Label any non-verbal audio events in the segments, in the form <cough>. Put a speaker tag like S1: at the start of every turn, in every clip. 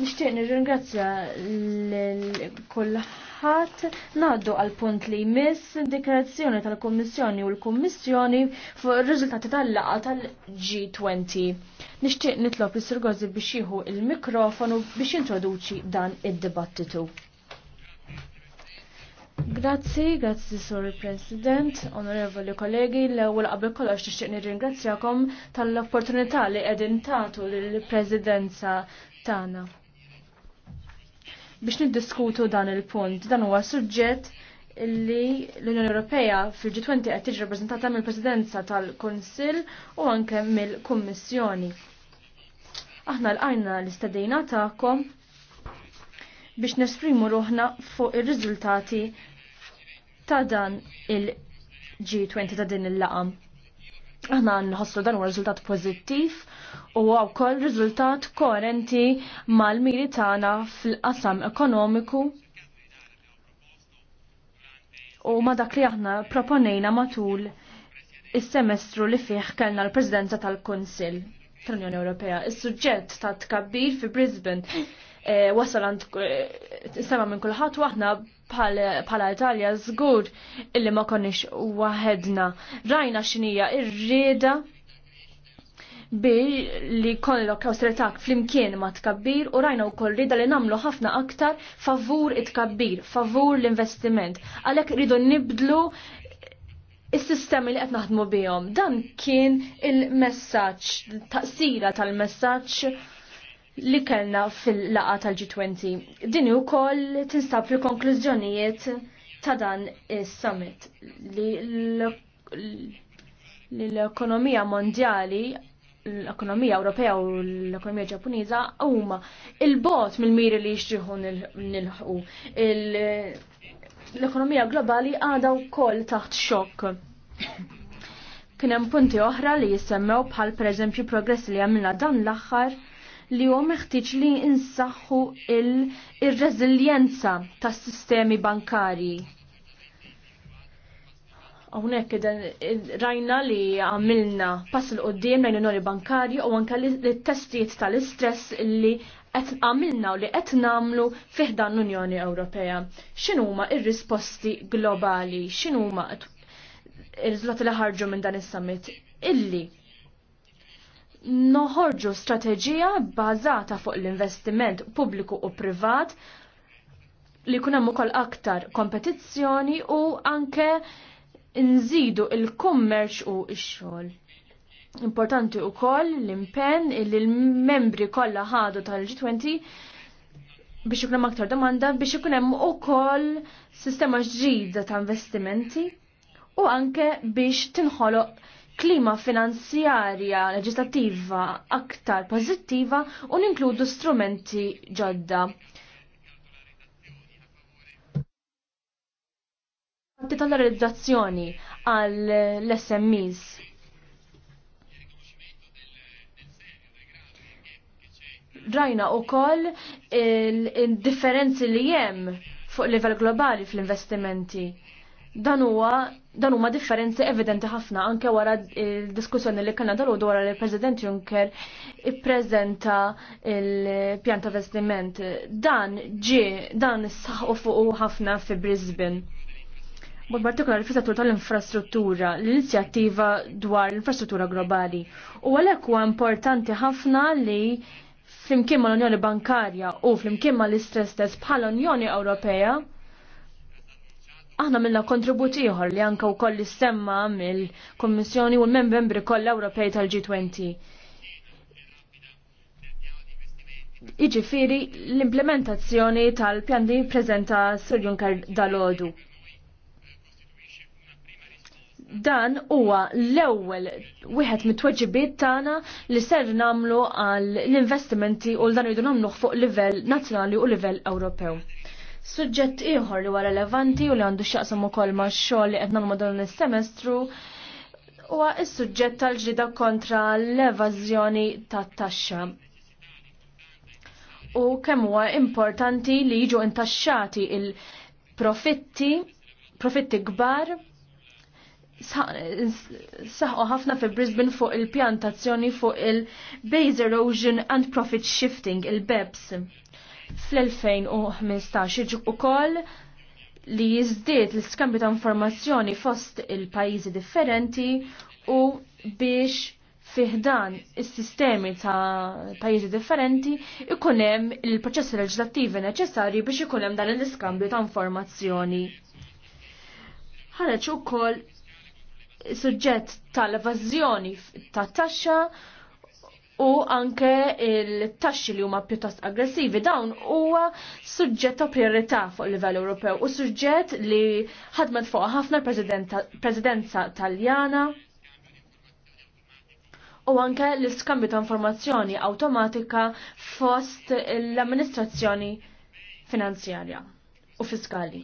S1: Nishtiq nirringrazzja l-kullħat naddu għal punt li jmiss dikarazzjoni tal-Kommissjoni u l-Kommissjoni fuq ir-riżultati tal-laqa tal-G20. Nishtiq nitlob li sirgozi biex jieħu il-mikrofonu biex introduċi dan id-dibattitu. Grazzi, grazzi Sur President, onorevoli kollegi, l-ewwel qabel kollox nixtieq nirringrazzjakom tal-opportunità li qegħdin tagħtu lill-Presidenza tagħna biex niddiskutu dan il-punt. Dan huwa suġġett li l-Unjoni Ewropea fil-G20 qed tiġi rappreżentata mill-Presidenza tal-Kunsill u anke mill-Kummissjoni. Aħna l-għajna l-istadina tagħkom biex nesprimu ruħna fuq ir-riżultati ta' dan il-G20 ta' din il-laqam. Aħna nħossu dan huwa riżultat pożittiv u wkoll riżultat koerenti mal-miri tagħna fil-qasam ekonomiku u ma dak li aħna proponejna matul is-semestru li fih kellna l-Presidenza tal-Kunsill tal-Unjoni Ewropea. Is-suġġett ta' tkabbir fi Brisbane Eh, wasal għand eh, sema minn kulħadd waħna bħala Italja żgur illi ma konniex waħedna. Rajna x'inija r rieda bi li kollok awsteritak flimkien ma tkabbir u rajna u koll rida li namlu ħafna aktar favur it-kabbir, favur l-investiment. Għalek rridu nibdlu il-sistemi li qed naħdmu bihom. Dan kien il-messaġġ, taqsira tal-messaġġ li kellna fil-laqa tal-G20. Din ukoll tinstab fil-konklużjonijiet ta' dan is-summit li l-ekonomija mondjali l-ekonomija Ewropea u l-ekonomija Ġappuniża huma il-bot mill-miri li jixtieħu nilħu. L-ekonomija globali għadha wkoll taħt xokk. Kien hemm punti oħra li jisemmew bħal pereżempju progress li għamilna dan l-aħħar li huwa meħtieġ li insaħħu il-reżiljenza il tas-sistemi bankarji. Hawnhekk rajna li għamilna pass l qoddim lejn nori bankarji u anke l-testijiet tal-istress li qed għamilna u li qed nagħmlu fih dan l-Unjoni Ewropea. X'inhuma r risposti globali, x'inhuma il-żlot li ħarġu minn dan is-summit illi noħorġu strateġija bbażata fuq l-investiment pubbliku u privat li kunem hemm ukoll aktar kompetizzjoni u anke nżidu il-kummerċ u il xogħol Importanti wkoll l-impenn li l-membri kollha ħadu tal-G20 biex ikun hemm aktar domanda biex ikun hemm ukoll sistema ġdida ta' investimenti u anke biex tinħoloq klima finanzjarja leġislattiva aktar pożittiva u ninkludu strumenti ġodda. Titolarizzazzjoni għal l-SMEs. Rajna u koll il-differenzi li jem fuq level globali fl-investimenti. Dan huwa dan huma differenzi evidenti ħafna anke wara d-diskussjoni li kellna dal wara li l-President Juncker ippreżenta il-pjan ta' vestiment. Dan ġie dan saħu fuq ħafna fi Brisbane. Bol partikolari fi settur tal-infrastruttura, l-inizjattiva dwar l-infrastruttura globali. U għalhekk huwa importanti ħafna li flimkien mal-Unjoni Bankarja u flimkien mal-istress test bħala Unjoni Ewropea Aħna minna kontributi ieħor li anka wkoll semma mill-Kommissjoni u l-membri kollha Ewropej tal-G20. Iġifiri l-implementazzjoni tal-pjan di prezenta Sir Juncker dal-ħodu. Dan huwa l-ewwel wieħed mit-tweġibiet tagħna li ser nagħmlu għall investimenti u l dan jridu nagħmluh fuq livell nazzjonali u livell Ewropew. Suġġett ieħor li huwa relevanti u li għandu x'jaqsam ukoll ma' xogħol li qed nagħmlu dan is-semestru huwa s-suġġett tal-ġlida kontra l-evażjoni tat-taxxa. U kemm huwa importanti li jiġu intaxxati il-profitti, profitti kbar saħu ħafna fi Brisbane fuq il-pjantazzjoni fuq il-Base Erosion and Profit Shifting, il-BEPS fl-2015 ukoll li jizdiet l-skambju ta' informazzjoni fost il-pajjiżi differenti u biex fiħdan is-sistemi ta' pajjiżi differenti ikun hemm il-proċessi leġislattivi neċessarji biex ikun hemm dan l-iskambju ta' informazzjoni. u ukoll suġġett tal evazzjoni ta' taxxa u anke il-taxxi li huma pjuttost aggressivi dawn huwa suġġett ta' prijorità fuq livell Ewropew u suġġett li ħadmet fuq ħafna l-Presidenza Taljana u anke l-iskambju ta' informazzjoni awtomatika fost l-amministrazzjoni finanzjarja u fiskali.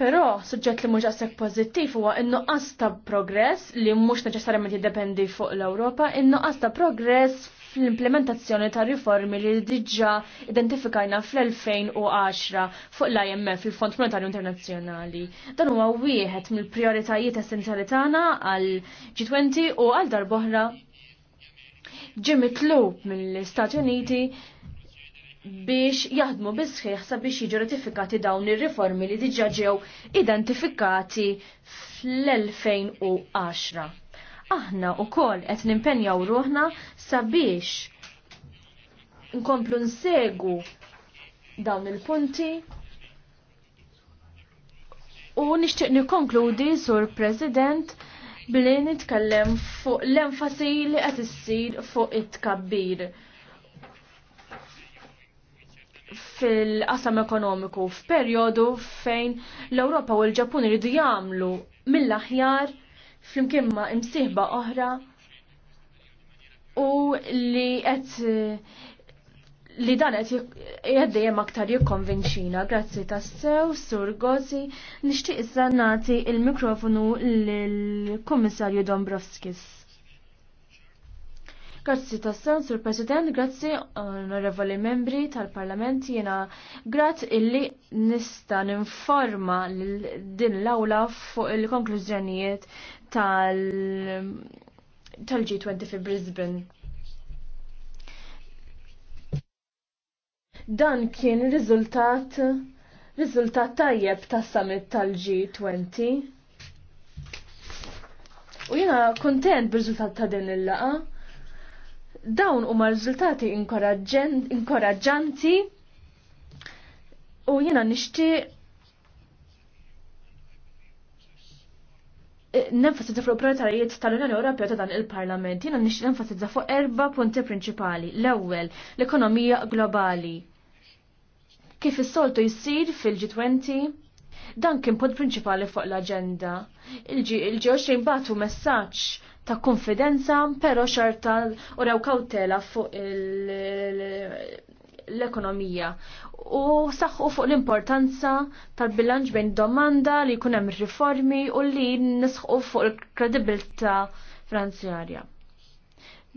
S1: Però suġġett li mhux għasek pożittiv huwa in-nuqqas ta' progress li mhux neċessarjament jiddependi fuq l-Ewropa, in-nuqqas ta' progress fl-implementazzjoni ta' riformi li diġà identifikajna fl-2010 fuq l-IMF, il-Fond Monetarju Internazzjonali. Dan huwa wieħed mill-prioritajiet essenzjali tagħna għal G20 u għal darboħra ġim mitlub mill-Stati Uniti biex jaħdmu bisħiħ sabiex jiġu ratifikati dawn ir-riformi li diġa ġew identifikati fl-2010. Aħna u koll qed nimpenjaw ruħna sabiex nkomplu nsegu dawn il-punti u nixtieq nikkonkludi sur President billi nitkellem fuq l-enfasi li qed issir fuq it-tkabbir. it it tkabbir fil-qasam ekonomiku f'perjodu fejn l-Ewropa u l-Ġapun iridu jagħmlu mill-aħjar flimkien ma' imsieħba oħra u li qed li dan qed jgħaddejjem aktar jikkonvinċina. Grazzi tassew, Sur Gozi, nixtieq issa nagħti il-mikrofonu lill-Kummissarju Dombrovskis. Grazzi tassan, Sur President, grazzi onorevoli membri tal-Parlament, jena grazz illi nista ninforma din l-awla fuq il-konklużjonijiet tal-G20 fi Brisbane. Dan kien riżultat riżultat tajjeb tas-summit tal-G20. U jena kontent bir-riżultat ta' din il-laqa dawn huma riżultati inkoraġġanti u jiena nixtieq eh, nenfasizza fuq il-prioritarijiet tal-Unjoni Ewropea ta' dan il-Parlament. Jiena nixtieq nenfasizza fuq erba' punti prinċipali. L-ewwel, l-ekonomija globali. Kif is-soltu jsir fil-G20, dan kien punt prinċipali fuq l-aġenda. Il-G20 batu messaġġ ta' konfidenza, pero xarta u raw kautela fuq l-ekonomija. U saħħu fuq l-importanza tal-bilanċ bejn domanda li jkun hemm riformi u li nisħu fuq il kredibilta franzjarja.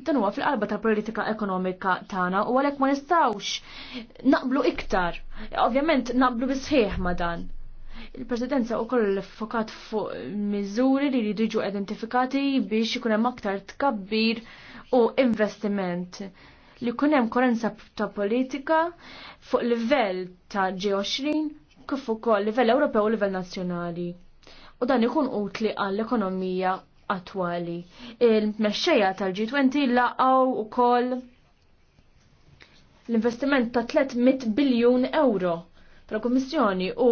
S1: dan huwa fil-qalba tal-politika ekonomika tagħna u għalhekk ma nistgħux naqblu iktar. Ovvjament naqblu bisħieħ ma dan. Il-Presidenza u koll fokat fuq miżuri li jridu identifikati biex ikun hemm aktar tkabbir u investiment li kun hemm korenza ta' politika fuq livell ta' G20 kif ukoll livell Ewropew u livell nazzjonali. U dan ikun utli għall-ekonomija attwali. Il-mexxejja tal-G20 laqgħu ukoll l-investiment ta' 300 biljun euro tal-Kummissjoni u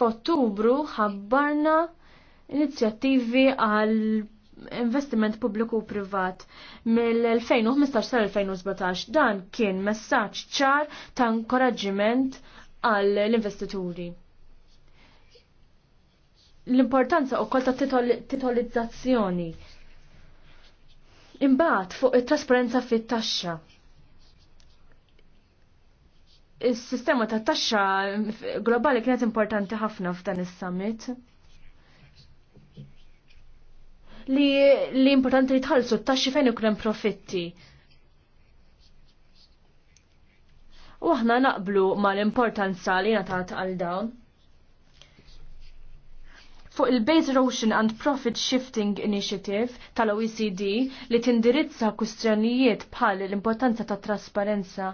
S1: f'Ottubru ħabbarna inizjattivi għal investiment pubbliku u privat mill-2015 sal-2017 dan kien messaġġ ċar ta' inkoraġġiment għall l-investituri. L-importanza u ta' titolizzazzjoni. Imbagħad fuq it-trasparenza fit-taxxa Is-sistema ta' taxxa globali kienet importanti ħafna f'dan is-summit. Li, li importanti li tħallsu t-taxxi fejn ikun profitti. U aħna naqblu mal-importanza li natat għal dawn. Fuq il-Base Erosion and Profit Shifting Initiative tal-OECD li tindirizza kustjonijiet bħal l-importanza ta' trasparenza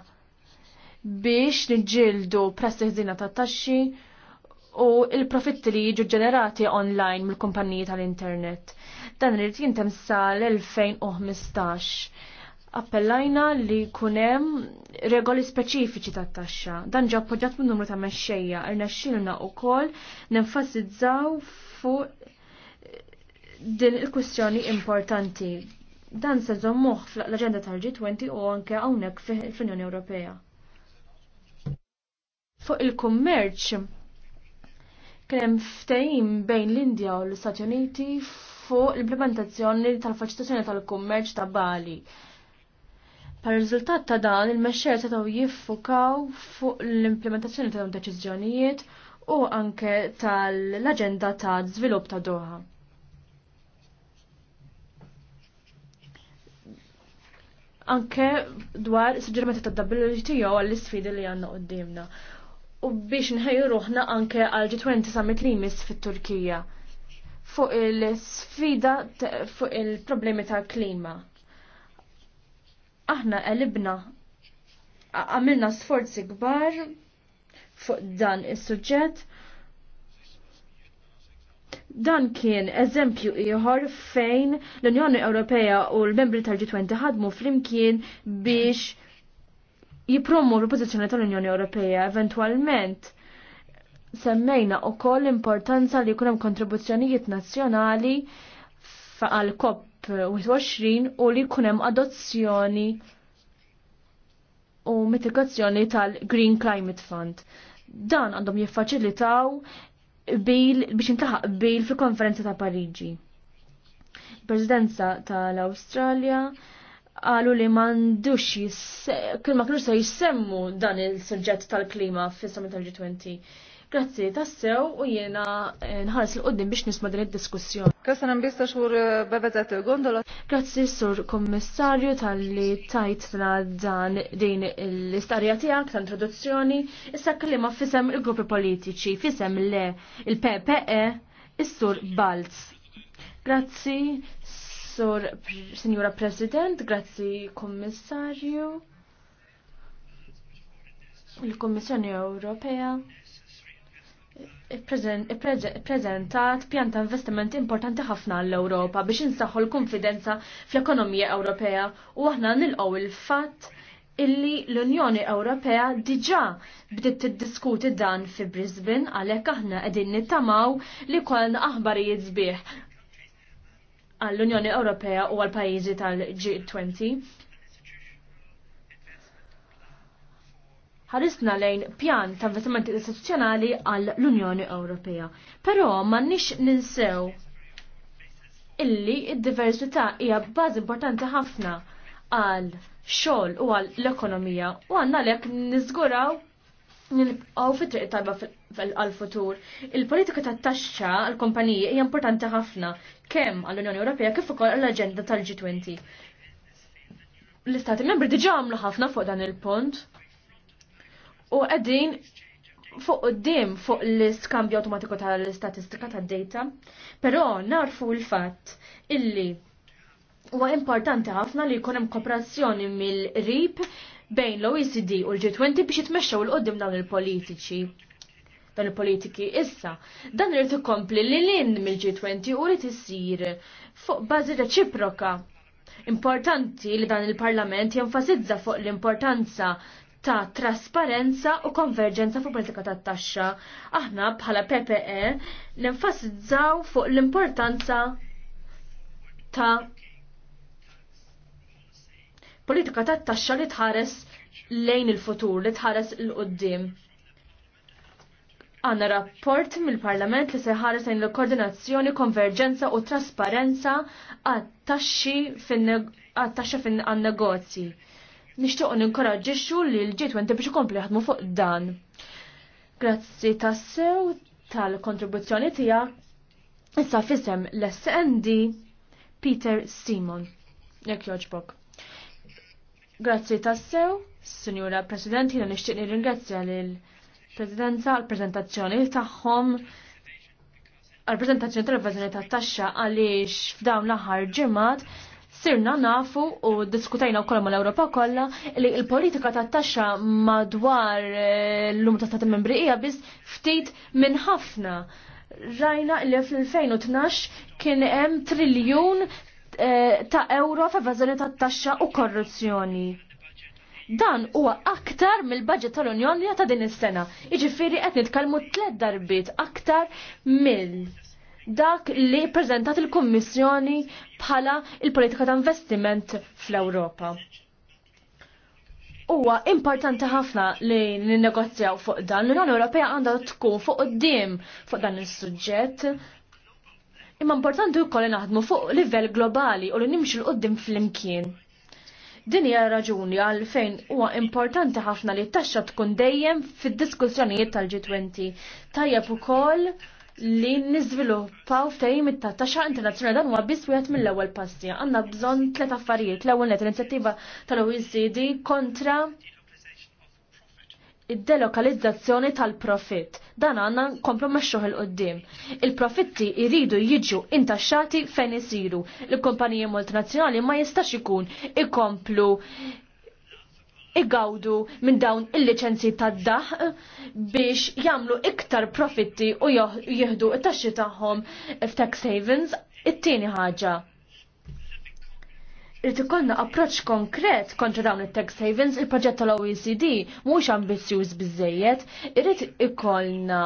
S1: biex niġġieldu prassi ħżina ta' taxxi u il-profitti li jiġu ġenerati online mill-kumpaniji tal-internet. Dan irid jintem sal-2015. Appellajna li kunem regoli speċifiċi tat taxxa Dan ġa appoġġat minn numru ta' mexxejja, irnexxilna wkoll nenfasizzaw fuq din il-kwistjoni importanti. Dan se żommuh fl-aġenda tal-G20 u anke hawnhekk fl-Unjoni Ewropea. Fuq il-kummerċ, kienem ftehim bejn l-Indja u l-Istati Uniti fuq l-implementazzjoni tal-faċitazzjoni tal-kummerċ ta' Bali. Par riżultat ta' dan, il-mexxer setgħu jiffukaw fuq l-implementazzjoni ta' deċiżjonijiet u anke tal-aġenda ta' żvilupp ta' Doha. Anke dwar suġġerimenti ta' WTO għall-isfidi li għandna qudiemna u biex nħejju ruħna anke għal G20 summit li jmiss fit-Turkija fuq il-sfida fuq il-problemi tal-klima. Aħna qelibna għamilna sforzi kbar fuq dan is-suġġett. Dan kien eżempju ieħor fejn l-Unjoni Ewropea u l-membri tal-G20 ħadmu flimkien biex jipromu l-pozizjoni tal-Unjoni Ewropea eventualment semmejna u koll l-importanza li kunem kontribuzzjonijiet nazzjonali għal COP 21 u li kunem adozzjoni u mitigazzjoni tal-Green Climate Fund. Dan għandhom jiffaċilitaw biex intaħaq bil fil-konferenza ta' Pariġi. Presidenza tal-Australja għalu li mandux kull ma kienu se jissemmu dan il-sujġett tal-klima fis summit tal-G20. Grazzi, tassew u jena eh, nħares l-qoddim biex nisma din id-diskussjoni. Kassan nambista xur il eh, gondola. Grazzi, sur kommissarju tal-li tajtna dan din l-istarja tijak ta' introduzzjoni. Issa kellima fisem il-gruppi politiċi, fisem le il-PPE, is-sur Balz. Grazzi, Sur Signora President, grazzi Kommissarju, il Commissione Ewropea prezentat pjan ta' investimenti importanti ħafna l europa biex insaħħu l-konfidenza fl-ekonomija Ewropea u aħna nilqgħu il-fatt illi l-Unjoni Ewropea diġà bdiet tiddiskuti dan fi Brisbane għalhekk aħna qegħdin nittamaw li kollna aħbarijiet sbieħ għall-Unjoni Ewropea u għall-pajjiżi tal-G20. Ħarisna lejn pjan ta' investimenti istituzzjonali għall-Unjoni Ewropea. Però m'għandniex ninsew illi id-diversità hija baż importanti ħafna għal xogħol u għall ekonomija u għandna lek niżguraw Nilbqaw fit-triq tajba għal-futur. Il-politika tat taxxa għall kumpaniji hija importanti ħafna kemm għall-Unjoni Ewropea kif ukoll għall-aġenda tal-G20. L-Istati Membri diġà għamlu ħafna fuq dan il-punt. U qegħdin fuq qudiem fuq l-iskambju awtomatiku tal-istatistika tad-data, però narfu l-fatt illi huwa importanti ħafna li jkun hemm kooperazzjoni mill-rib bejn l-OECD u l-G20 biex jitmexxew l-qoddim dawn il-politiċi dan il-politiki issa. Dan irid ikompli li lin mill-G20 u li tisir fuq bażi reċiproka. Importanti li dan il-Parlament jenfasizza fuq l-importanza ta' trasparenza u konverġenza fuq politika ta' taxxa. Aħna bħala PPE l-enfasizzaw fuq l-importanza ta' politika ta' taxxa li tħares lejn il-futur, li tħares il-qoddim. Għanna rapport mill-Parlament li se ħares lejn l-koordinazzjoni, konverġenza u trasparenza għat-taxxa fin għan-negozji. Nishtuq ninkoraġġixxu li l-G20 biex ikompli jaħdmu fuq dan. Grazzi tassew tal-kontribuzzjoni tija Issa fisem l-SND Peter Simon. Jekk joġbok. Grazzi tassew, Signora President, jina nishtiq nirringrazzja lil Presidenza għal-prezentazzjoni tagħhom għal-prezentazzjoni tal-evvażjoni tat-taxxa għaliex f'dawn l-aħħar ġimgħat sirna nafu u diskutajna wkoll mal-Ewropa kollha li l-politika tat-taxxa madwar eh, l-lum ta' stati membri hija biss ftit minn ħafna rajna li fl-2012 kien hemm triljun Eh, ta' euro ta' evażjoni ta' taxxa u korruzzjoni. Dan huwa aktar mill-budget tal-Unjoni ta' din is-sena. Jiġifieri qed nitkellmu tliet darbiet aktar mill dak li prezentat il kummissjoni bħala il-politika ta' investiment fl-Ewropa. Huwa importanti ħafna li ninnegozjaw fuq dan. L-Unjoni Ewropea għandha tkun fuq qudiem fuq dan is-suġġett Imma importanti wkoll li naħdmu fuq livell globali u li nimxu l-qoddim fl-imkien. Din hija raġuni għal fejn huwa importanti ħafna li t-taxxa tkun dejjem fid-diskussjonijiet tal-G20. Tajjeb ukoll li niżviluppaw ftehim ta' taxxa internazzjonali dan huwa biss wieħed mill-ewwel passi. Għandna bżonn tliet affarijiet. L-ewwel net l-inizjattiva tal-OECD kontra id-delokalizzazzjoni tal-profit. Dan għanna komplu meċxuħ il-qoddim. Il-profitti iridu jiġu intaxxati fejn isiru. Il-kompaniji multinazzjonali ma jistax ikun ikomplu igawdu minn dawn il-licenzi tad-daħ biex jamlu iktar profitti u jihdu it-taxxi tagħhom f'tax havens. It-tieni ħaġa Irrid ikollna approċċ konkret kontra dawn it-tax havens, il-proġett tal-OECD mhux ambizzjuż biżejjed, irrid ikollna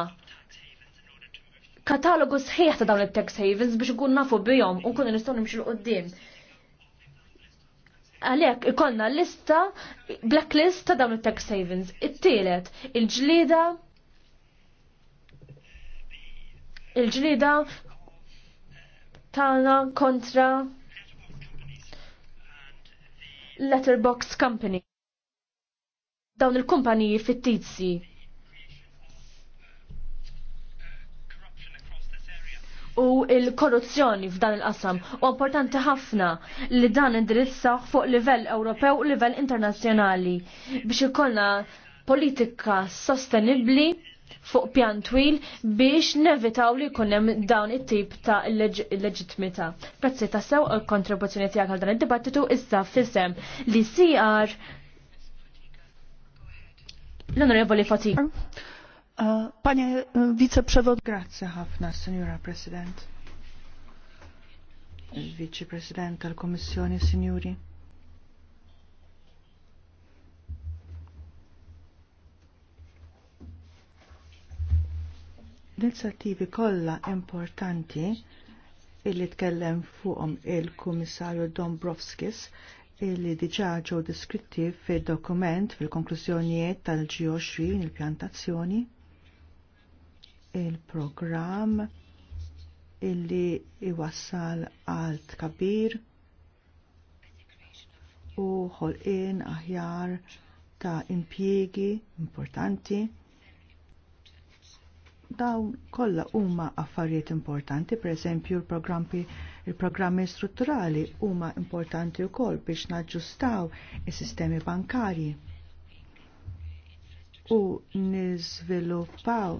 S1: katalogu sħiħ ta' dawn it-tax havens biex ikun nafu bihom u nkunu nistgħu nimxu l qudiem Għalhekk ikollna lista, blacklist ta' dawn it-tax havens. It-tielet, il-ġlida il-ġlida tagħna kontra letterbox company. Dawn il-kumpaniji fittizzi. u il-korruzzjoni f'dan il-qasam. U importanti ħafna li dan indirizza fuq livell Ewropew u livell internazzjonali biex ikollna politika sostenibli fuq pjan twil biex nevitaw li kunem dawn it-tip ta' leġitmita. Prezzi ta' sew kontribuzzjoni tijak għal dan id-dibattitu issa fissem li CR
S2: l-onorevoli Fati. Uh, Panie viceprzewod, uh, Grazie ħafna, signora President. Vice President tal-Komissjoni, signori. L-inizjattivi kollha importanti illi tkellem fuqhom il-Kummissarju Dombrovskis illi diġà ġew diskritti fid-dokument fil-konklużjonijiet tal-G20 il-pjantazzjoni il-programm illi iwassal għal tkabir u ħolqien aħjar ta' impjiegi importanti dawn kollha huma affarijiet importanti, pereżempju l-programmi il-programmi strutturali huma importanti wkoll biex naġġustaw is-sistemi bankarji u niżviluppaw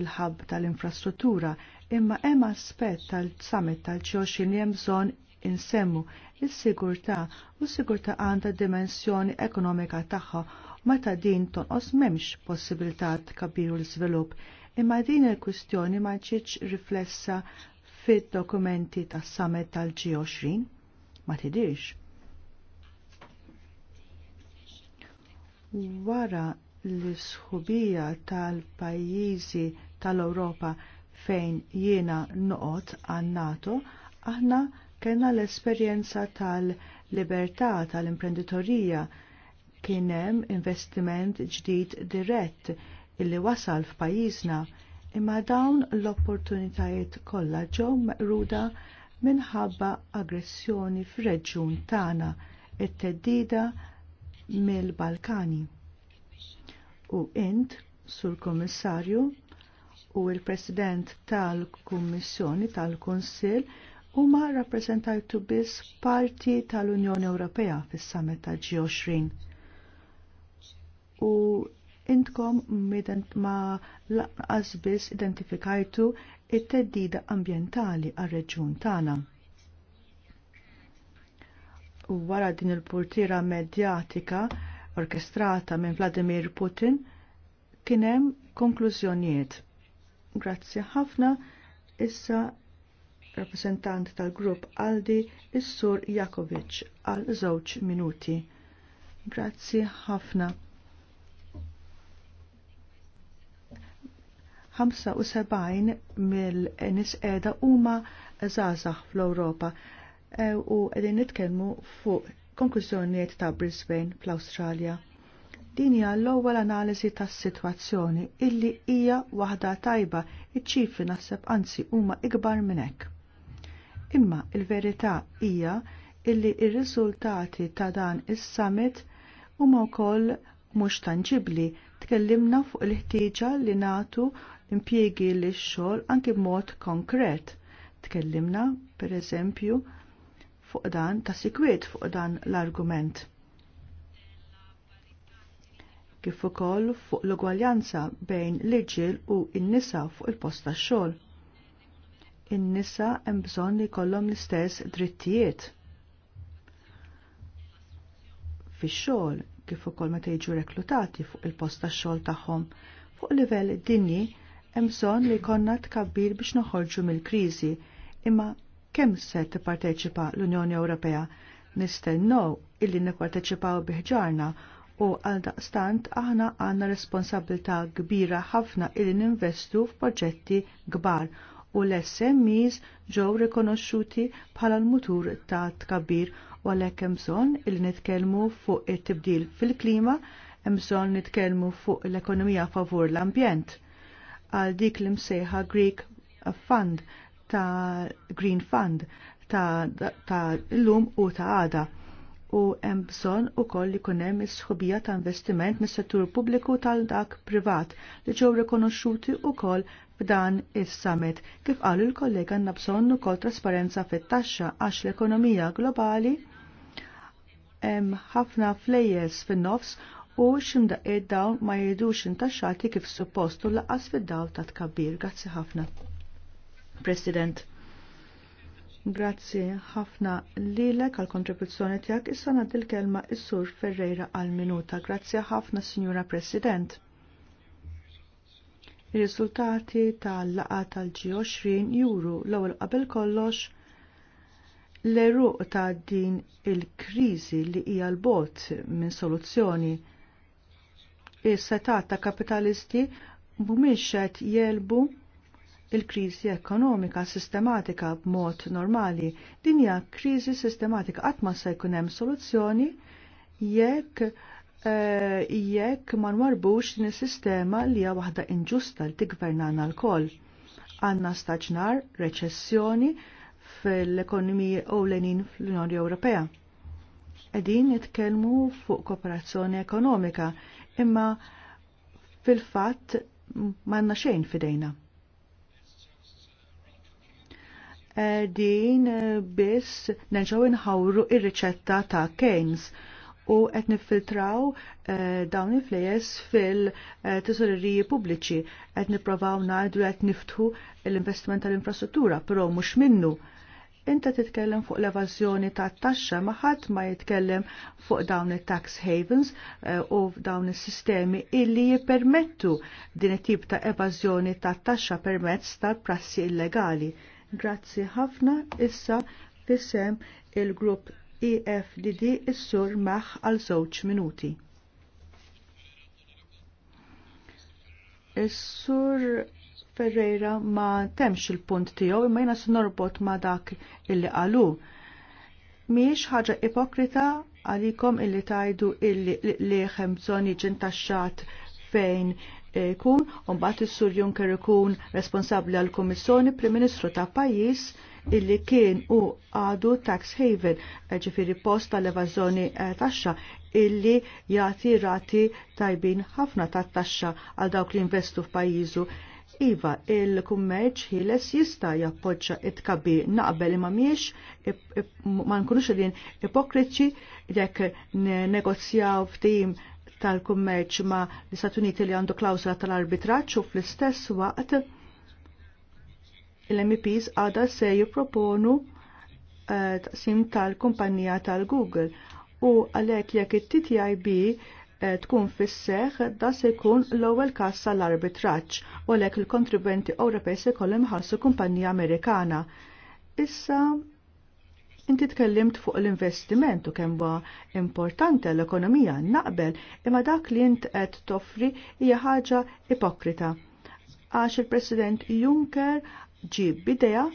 S2: il-ħab tal-infrastruttura imma hemm aspett tal-summit tal-ċoxin li hemm bżonn insemmu is-sigurtà u s-sigurtà għandha dimensjoni ekonomika tagħha Meta din tonqos memx possibilità tkabiru l-svilupp, imma din il-kwistjoni ma ġietx riflessa fid-dokumenti tas-summit tal-G20. Ma tidirx. Wara l-sħubija tal-pajjiżi tal-Ewropa fejn jiena noqot għan NATO, aħna kena l-esperjenza tal-libertà tal-imprenditorija kienem investiment ġdid dirett illi wasal f'pajjiżna imma dawn l-opportunitajiet kollha ġew meqruda minħabba aggressjoni fir-reġjun tagħna it-teddida mill-Balkani. U int, Sur Kommissarju, u l-President tal-Kummissjoni tal-Kunsill huma rappreżentajtu biss parti tal-Unjoni Ewropea fis-Summit tal-G20 u intkom ma laqqas biss identifikajtu it-teddida ambjentali għal reġjun tagħna. U wara din il portiera medjatika orkestrata minn Vladimir Putin kien hemm konklużjonijiet. Grazzi ħafna issa rappresentant tal-grupp Aldi is-sur Jakovic għal żewġ minuti. Grazzi ħafna. 75 mill-nis edha huma zazax fl-Ewropa e, u qegħdin nitkellmu fuq konklużjonijiet ta' Brisbane fl-Awstralja. Din hija l-ewwel analiżi tas-sitwazzjoni illi hija waħda tajba, iċ-ċifri naħseb anzi huma ikbar minn hekk. Imma il-verità hija illi ir-riżultati ta' dan is-summit huma wkoll mhux tanġibbli tkellimna fuq il-ħtieġa li nagħtu impiegi impjiegi li xol xogħol anki b'mod konkret. Tkellimna, per eżempju, fuq dan ta' sikwiet fuq dan l-argument. Kif ukoll fuq l-ugwaljanza bejn l-irġiel u n-nisa fuq il-post tax-xogħol. In-nisa hemm bżonn li jkollhom l-istess drittijiet. Fix-xogħol kif ukoll meta jiġu reklutati fuq il-post tax-xogħol tagħhom fuq livell dinji hemm bżonn li jkollna tkabbir biex noħorġu mill-kriżi, imma kemm se tipparteċipa l-Unjoni Ewropea nistennew illi nipparteċipaw biħġarna u għal daqstant aħna għanna responsabilità kbira ħafna illi ninvestu f'proġetti kbar u l-SMEs ġew rikonoxxuti bħala l-mutur ta' tkabbir u għalhekk hemm bżonn illi nitkellmu fuq it-tibdil fil-klima, hemm bżonn nitkellmu fuq l-ekonomija favur l-ambjent għal dik li msejħa Greek Fund ta' Green Fund ta', ta l-lum u ta' għada u hemm bżonn ukoll li jkun hemm is-sħubija ta' investiment mis-settur pubbliku tal dak privat li ġew rikonoxxuti wkoll f'dan is-summit. Kif qalu l-kollega għandna bżonn ukoll trasparenza fit-taxxa għax l-ekonomija globali hemm ħafna flejjes fin-nofs u ximdaqqiet dawn ma jridux intaxxati kif suppost u laqas fid-dawl ta' tkabbir. Grazzi ħafna. President. Grazzi ħafna lilek għal kontribuzzjoni tiegħek issa nagħti l-kelma is-Sur Ferreira għal minuta. Grazzi ħafna Sinjura President. Ir-riżultati tal-laqa tal-G20 juru l-ewwel qabel kollox l-eruq ta' din il kriżi li hija l-bot minn soluzzjoni is-setat ta' kapitalisti mhumiex qed jelbu il-kriżi ekonomika sistematika b'mod normali. Din hija kriżi sistematika qatt ma se jkun hemm soluzzjoni jekk e, jekk ma nwarbux din is-sistema li hija waħda inġusta li tiggvernana l-koll. Għandna staġnar, reċessjoni fil-ekonomiji ewlenin fl-Unjoni Ewropea. Qegħdin nitkellmu fuq kooperazzjoni ekonomika imma fil-fatt manna xejn fidejna. Din biss nerġgħu inħawru ir-riċetta ta' Keynes u qed niffiltraw eh, dawn il-flejes fil-tesoreriji pubbliċi qed nipprovaw ngħidu qed niftħu l-investiment tal-infrastruttura, però mhux minnu Inta titkellem fuq l-evażjoni ta' taxxa ma ħadd ma jitkellem fuq dawn it-tax havens eh, u dawn is-sistemi illi jippermettu din it-tip ta' evażjoni ta' taxxa permezz tal-prassi illegali. Grazzi ħafna issa fissem il-grupp EFDD is-sur maħ għal żewġ minuti. Is-sur Ferreira ma temx il-punt tiegħu imma jiena norbot ma dak illi qalu. Miex ħaġa ipokrita għalikom illi tajdu illi liħem bżonn jiġin taxxat fejn jkun, eh, un bat il-Sur Juncker ikun responsabli għal komissjoni prim-ministru ta' pajis illi kien u għadu tax haven, eh, ġifiri post tal-evazzjoni eh, taxxa illi jati rati tajbin ħafna ta' taxxa għal dawk li investu pajizu Iva, il-kummerċ ħiles jista jappoġġa it-kabi naqbel imma miex ma nkunux din ipokriċi jekk negozjaw f'tim tal-kummerċ ma l-Istat Uniti li għandu klawsula tal-arbitraċ u fl-istess waqt l-MPs għada se jipproponu eh, taqsim tal-kumpanija tal-Google u għalek jekk it-TTIB Eh, tkun fis da se jkun l-ewwel każ tal arbitraġġ u lek il-kontribwenti Ewropej se jkollhom ħassu kumpanija Amerikana. Issa inti tkellimt fuq l-investiment u kemm huwa importanti l-ekonomija naqbel imma dak li int qed toffri hija ħaġa ipokrita. Għax il-President Juncker ġib bidea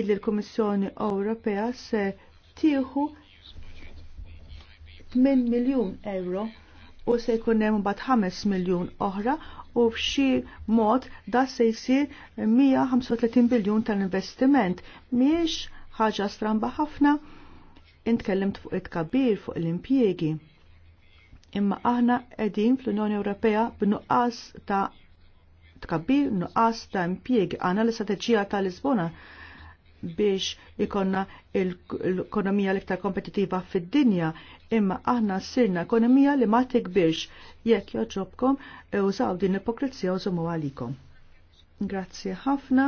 S2: illi l-Kummissjoni Ewropea se tieħu 8 miljun euro u se jkun hemm mbagħad 5 miljun oħra u f'xi mod da se jsir 135 biljun tal-investiment. Miex ħaġa stramba ħafna intkellimt fuq it-kabir fuq l-impjiegi. Imma aħna qegħdin fl-Unjoni Ewropea b'nuqqas ta' tkabbir nuqqas ta' impjiegi Aħna l-istrateġija tal-Lisbona biex ikonna l-ekonomija l-iktar kompetitiva fid-dinja, imma aħna sirna ekonomija li ma tikbirx jekk joġobkom e użaw din l ipokrizija użumu għalikom. Grazzi ħafna.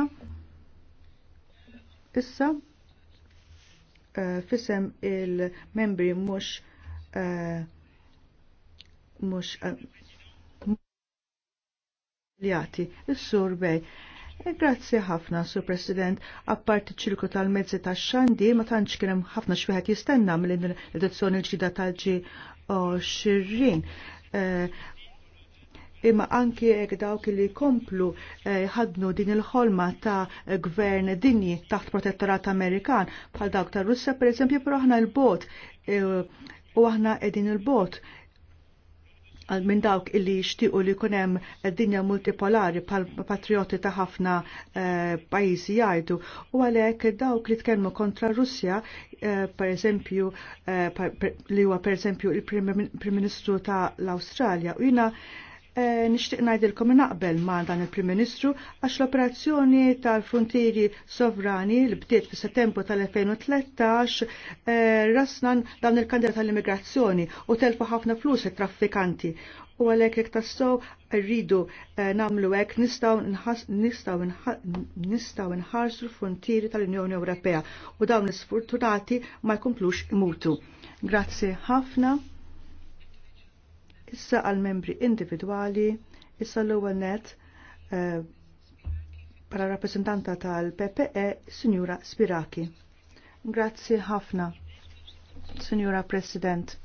S2: Issa, e, fisem il-membri mux e, mux li jati, il-sur bej. E, grazzi ħafna, Sur President. Apparti ċirku tal-mezzi ta' xandi, ma tantx kien hemm ħafna xwieħed jistenna mill-edizzjoni l-ġdida tal-ġi xirrin. E, imma anki jekk dawk li komplu e, ħadnu din il-ħolma ta' gvern dinji taħt protettorat Amerikan bħal dawk ta' Russja pereżempju, però aħna l-bot u aħna qegħdin il-bot għal minn dawk illi jixtiequ li jkun hemm dinja multipolari pal patrioti ta' ħafna eh, pajjiżi jgħidu u għalhekk dawk li tkellmu kontra Russja eh, pereżempju eh, li huwa pereżempju il-Prim Ministru ta' l-Awstralja u jina Eh, nishtiq najdilkom naqbel ma' dan il-Prim Ministru għax l-operazzjoni tal-frontieri sovrani li bdiet fis settembru tal-2013 eh, rasnan dawn il kandidat tal-immigrazzjoni u telfu ħafna flus il-traffikanti u għalek jek tassow rridu namlu għek nistaw nħarsu l-frontieri tal-Unjoni Ewropea u dawn l-sfortunati ma' jkomplux imutu. Grazie ħafna. Issa għal-membri individuali, issa l-ewwel net eh, para rappresentanta tal-PPE, Signora Spiraki. Grazzi ħafna, Signora President.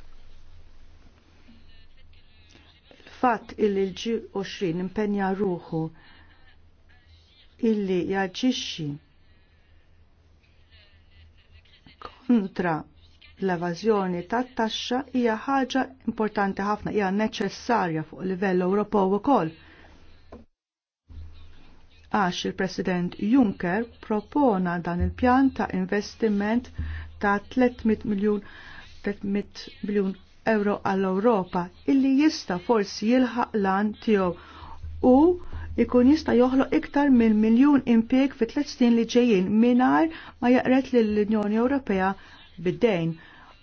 S2: Fatt illi l-G20 impenja ruħu illi jaġixxi kontra l-evażjoni tat-taxxa hija ħaġa importanti ħafna, hija neċessarja fuq livell Ewropew ukoll. Għax il-President Juncker propona dan il-pjan ta' investiment ta' 300 miljun 300 miljun euro għall-Ewropa illi jista' forsi jilħaq lan tiegħu u ikun jista joħlo iktar minn miljun impjeg fi tliet snin li ġejjin mingħajr ma jaqret lill unjoni Ewropea bid-dejn.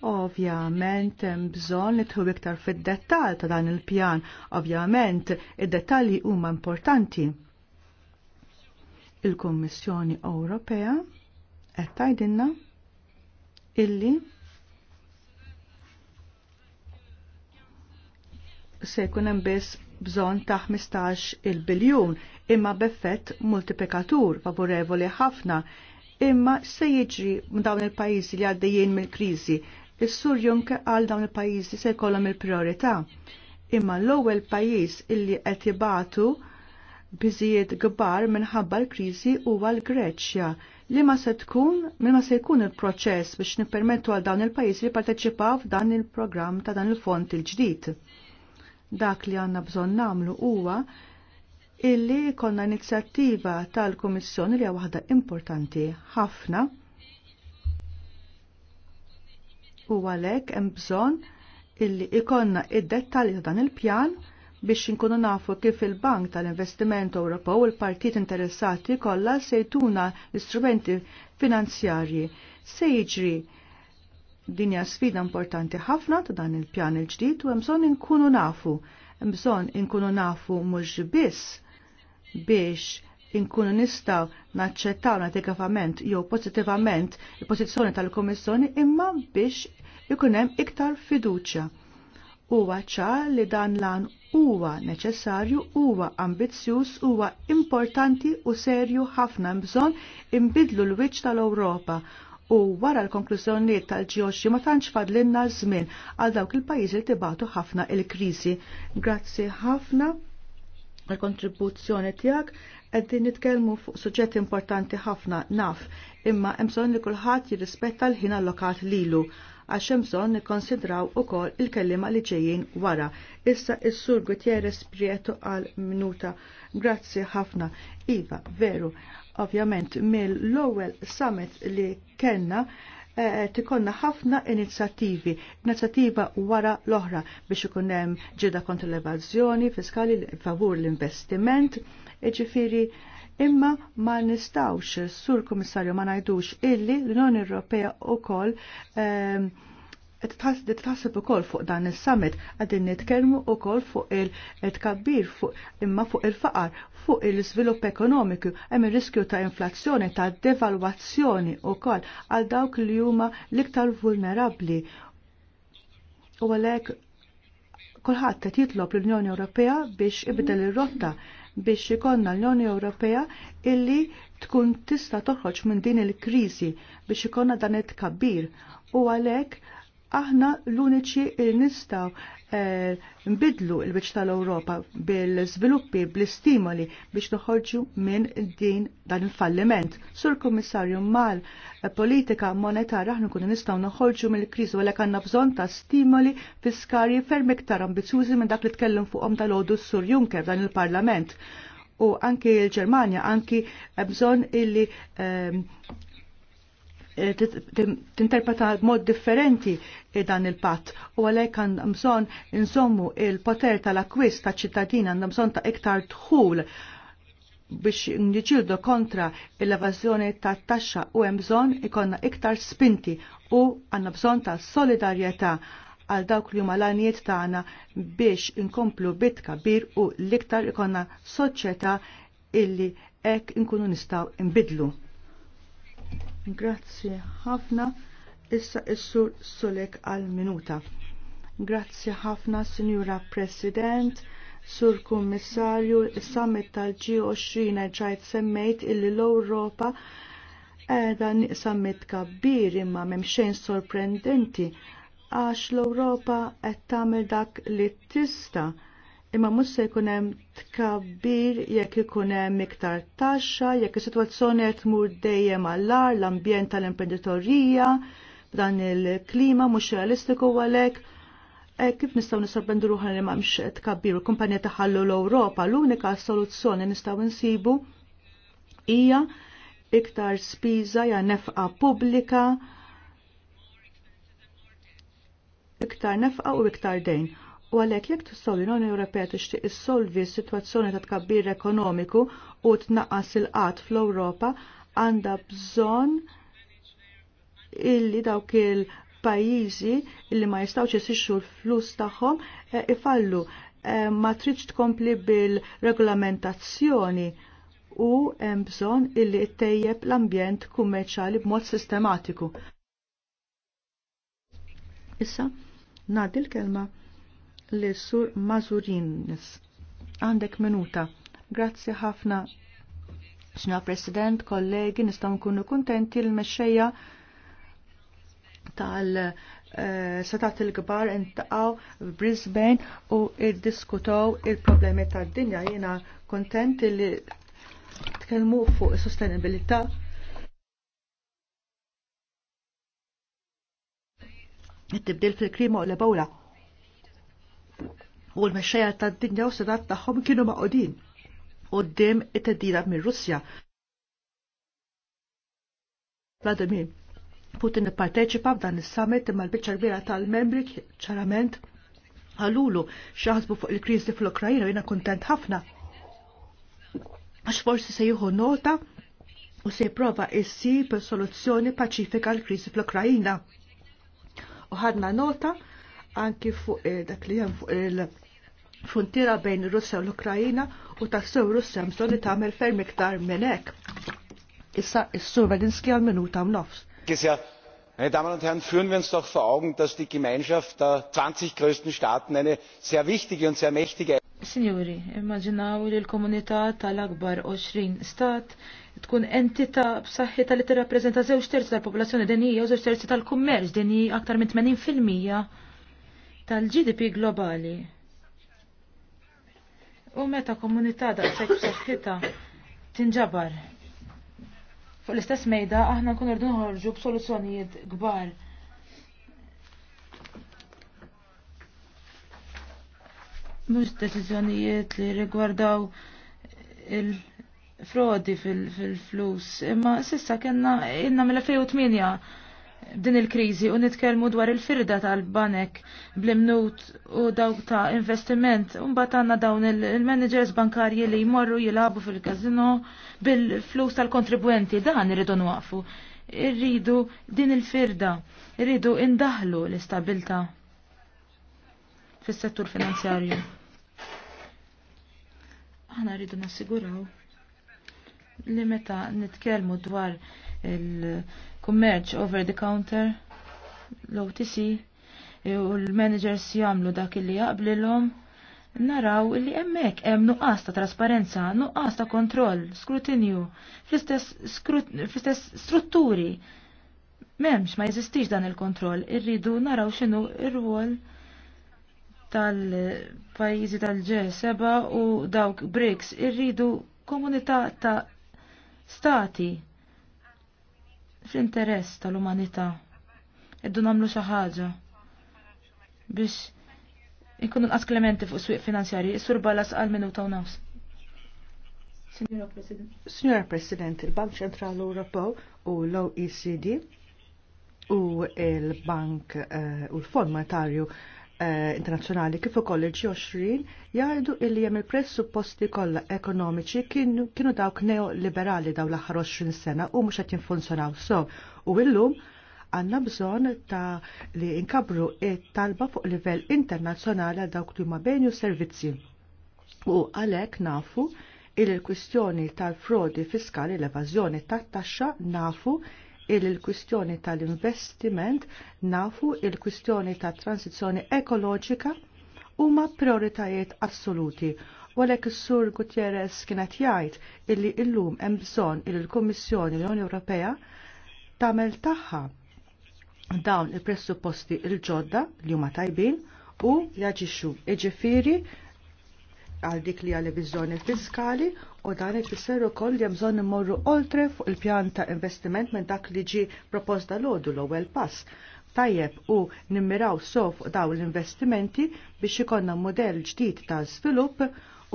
S2: Ovvjament bżonn nidħlu iktar fid-dettall ta' dan il-pjan. Ovvjament id-dettalji huma importanti. Il-Kummissjoni Ewropea qed tgħidilna illi se jkun hemm biss bżonn ta' 15 il-biljun imma b'effett multiplikatur favorevoli ħafna Imma se jiġri dawn il-pajjiżi li għaddejjin mill-kriżi, is-Sur Juncker għal dawn il-pajjiżi se jkollhom il-priorità. Imma l-ewwel pajjiż illi qed ibatu biżijiet kbar minħabba l-kriżi huwa l-Greċja li ma se tkun minn ma se jkun il-proċess biex nippermettu għal dawn il-pajjiż li parteċipaw f'dan il-programm ta' dan il-fond il-ġdid. Dak li għandna bżonn nagħmlu huwa illi konna inizjattiva tal-Kummissjoni li hija waħda importanti ħafna u għalhekk hemm bżonn illi ikonna id-dettalji ta' dan il-pjan biex inkunu nafu kif il-Bank tal-Investiment Ewropew u l-partit interessati kollha se jtuna l-istrumenti finanzjarji se jiġri din hija sfida importanti ħafna ta' dan il-pjan il-ġdid u hemm bżonn inkunu nafu. Hemm bżonn inkunu nafu mhux biss biex inkunu nistaw naċċettaw negativament jew pozittivament il-pożizzjoni tal-Komissjoni imma biex ikun hemm iktar fiduċja. Huwa ċar li dan lan huwa neċessarju, huwa ambizzjuż, huwa importanti u serju ħafna bżonn imbidlu l-wiċċ tal-Ewropa u wara l-konklużjonijiet tal-ġioxi ma tantx fadlinna żmien għal dawk il-pajjiżi li tibatu ħafna il-kriżi. Grazzi ħafna l-kontribuzzjoni tiegħek qegħdin nitkellmu fuq suġġett importanti ħafna naf, imma hemm bżonn li kulħadd jirrispetta l ħina allokat lilu għax hemm bżonn nikkonsidraw ukoll il-kelliema li ġejjin wara. Issa is-Sur Gutierrez Prieto għal minuta. Grazzi ħafna. Iva, veru. Ovvjament mill-ewwel summit li kellna Eh, eh, tikonna ħafna inizjattivi, inizjattiva wara l-oħra biex ikun hemm ġieda kontra l-evażjoni fiskali favur l-investiment, ġifiri imma ma nistawx sur kummissarju ma najdux illi l-Unjoni Ewropea wkoll ehm, tħassib ukoll fuq dan is-summit qegħdin nitkellmu kol fuq il-tkabbir fuq imma fuq il-faqar, fuq il-iżvilupp ekonomiku, hemm ir-riskju ta' inflazzjoni ta' devalwazzjoni kol għal dawk li huma l-iktar vulnerabbli. U għalhekk kulħadd qed jitlob l-Unjoni Ewropea biex ibdel ir-rotta biex ikonna l-Unjoni Ewropea illi tkun tista' toħroġ minn din il-kriżi biex ikonna dan it-tkabbir u għalhekk aħna l-uniċi il nistaw eh, nbidlu l-wiċ tal-Europa bil-sviluppi, bl-istimoli biex noħorġu minn din dan il-falliment. Sur komissarju mal politika monetar aħna kunu nistaw noħorġu mill-kriżi għalek għandna bżonn ta' stimoli fiskari ferm iktar ambizjużi minn dak li tkellem fuqhom tal-għodu Sur Juncker dan il-Parlament u anki l-Ġermanja, anki bżon illi eh, Eh, tinterpreta mod differenti eh, dan il-patt u għalhekk għandna bżonn insommu il-poter tal-akwist ta' ċittadin għandna bżonn ta' iktar dħul biex niġildu kontra l-evazjoni ta' taxxa u hemm bżonn ikonna iktar spinti u għandna bżonn ta' solidarjetà għal dawk li huma l-għaniet tagħna biex inkomplu bit kabir u l-iktar ikonna soċjetà illi hekk inkunu nistgħu nbidlu. Grazzi ħafna. Issa issu sulek għal minuta. Grazzi ħafna, Sinjura President, Sur Kummissarju, is-Summit tal-G20 ġajt semmejt illi l europa edha summit kabbir imma memxejn sorprendenti għax l-Ewropa qed tagħmel dak li tista' imma mhux se jkun hemm tkabbir jekk ikun hemm iktar taxxa, jekk is-sitwazzjoni qed tmur dejjem għall-ar, l-ambjent tal-imprenditorija, b'dan il-klima mhux realistiku għalhekk. E, kif nistgħu nisabbendu ruħna li m'hemmx tkabbir u kumpanija taħallu l-Ewropa, l-unika soluzzjoni nistgħu nsibu hija iktar spiża ja nefqa pubblika iktar nefqa u iktar dejn U għalhekk jekk tissaw l-Unjoni Ewropea tixtieq issolvi s-sitwazzjoni ta' tkabbir ekonomiku u tnaqqas il qat fl-Ewropa għandha bżonn illi dawk il-pajjiżi illi ma jistgħux isixxu l-flus tagħhom eh, ifallu eh, ma tridx tkompli bil-regolamentazzjoni u hemm bżonn illi ttejjeb l-ambjent kummerċjali b'mod sistematiku. Issa, ngħaddi l-kelma l sur Mazurinis. Għandek minuta. Grazzi ħafna. Xna President, kollegi, nistaw nkunu kontenti l-mexxejja tal- eh, setat il-gbar intaqaw Brisbane u id-diskutaw il-problemi ta' dinja jena kontent li tkellmu fuq sostenibilità it-tibdil fil-klima u l-bawla u l-mexxejja tad-dinja u sedat tagħhom kienu maqodin qudiem it-teddida mir-Russja. Vladimir Putin ipparteċipa f'dan is-summit imma l-biċċa kbira tal-membri ċarament għalulu xaħsbu fuq il-kriżi fl-Ukrajina jiena kuntent ħafna. Għax forsi se jieħu nota u se jipprova issib soluzzjoni paċifika l-kriżi fl-Ukrajina. U ħadna nota anki fuq eh, dak li hemm fuq il frontiera bejn Russja u l-Ukrajina u tassew Russja mson li tagħmel ferm iktar minn hekk. Issa is-sur Wedinski għal ta' nofs.
S1: Meine Damen und Herren, führen wir uns doch vor Augen, dass die Gemeinschaft der 20 größten Staaten eine sehr wichtige und
S2: sehr mächtige
S3: Signori, immaginaw li l-komunità tal-akbar 20 stat tkun entità b'saħħitha li tirrappreżenta żewġ terzi tal-popolazzjoni denija u żewġ terzi tal-kummerċ denija aktar minn 80 tal-GDP globali. U meta komunità daqshekk b'saħħitha tinġabar fuq l-istess mejda aħna nkun irdu nħorġu b'soluzzjonijiet kbar. Mhux deċiżjonijiet li rigwardaw il-frodi fil-flus, imma sissa kellna inna mill-2008 din il-krizi u nitkellmu dwar il-firda tal-banek bl-imnut u dawk ta' investiment. Umbat għanna dawn il-managers bankarji li jmorru jilabu fil-kazino bil-flus tal-kontribwenti. Dan irridu nwaqfu. Irridu din il-firda. Irridu indahlu l-istabilta fis-settur finanzjarju. Aħna rridu nassiguraw li meta nitkellmu dwar il- kummerċ over the counter, l-OTC, u l-managers jamlu dak li jaqblilhom naraw li emmek hemm nuqqas ta' trasparenza, nuqqas ta' kontroll, skrutinju, fl-istess strutturi. Memx ma jeżistix dan il-kontroll, irridu naraw xinu ir-rwol tal-pajjiżi tal-G7 u dawk BRICS, irridu komunità ta' stati fl-interess tal-umanità. Eddu namlu xi ħaġa biex inkunu nqas klementi fuq swieq finanzjarji, is-sur balas għal minuta u nafs. Signora President.
S2: Signora President, il-Bank Ċentrali Ewropew u l-OECD u il-Bank eh, u l-Fond Monetarju Eh, internazzjonali kif ukoll il-G20 jgħidu illi hemm il-presupposti kollha ekonomiċi kienu dawk neoliberali daw l-aħħar 20 sena u mhux qed jinfunzjonaw so u illum għandna bżonn ta' li nkabru it-talba fuq livell internazzjonali għal dawk li huma bejn servizzi. U għalhekk nafu il-kwistjoni tal-frodi fiskali l-evażjoni tat-taxxa nafu il-kwistjoni tal-investiment nafu il-kwistjoni ta' transizjoni ekoloġika huma prioritajiet assoluti. Walek is-Sur Gutierrez kienet jgħid illi illum hemm bżonn il l-Kummissjoni l-Unjoni Ewropea tagħmel tagħha dawn il-presupposti il-ġodda li huma tajbin u jaġixxu iġifieri għal dik li għalli bizzoni fiskali u dan ifisser koll li hemm immorru oltre fuq il-pjan ta' investiment minn dak li ġi proposta l ħodu l-ewwel pass. Tajjeb u nimmiraw sof daw l-investimenti biex ikonna model ġdid ta' svilupp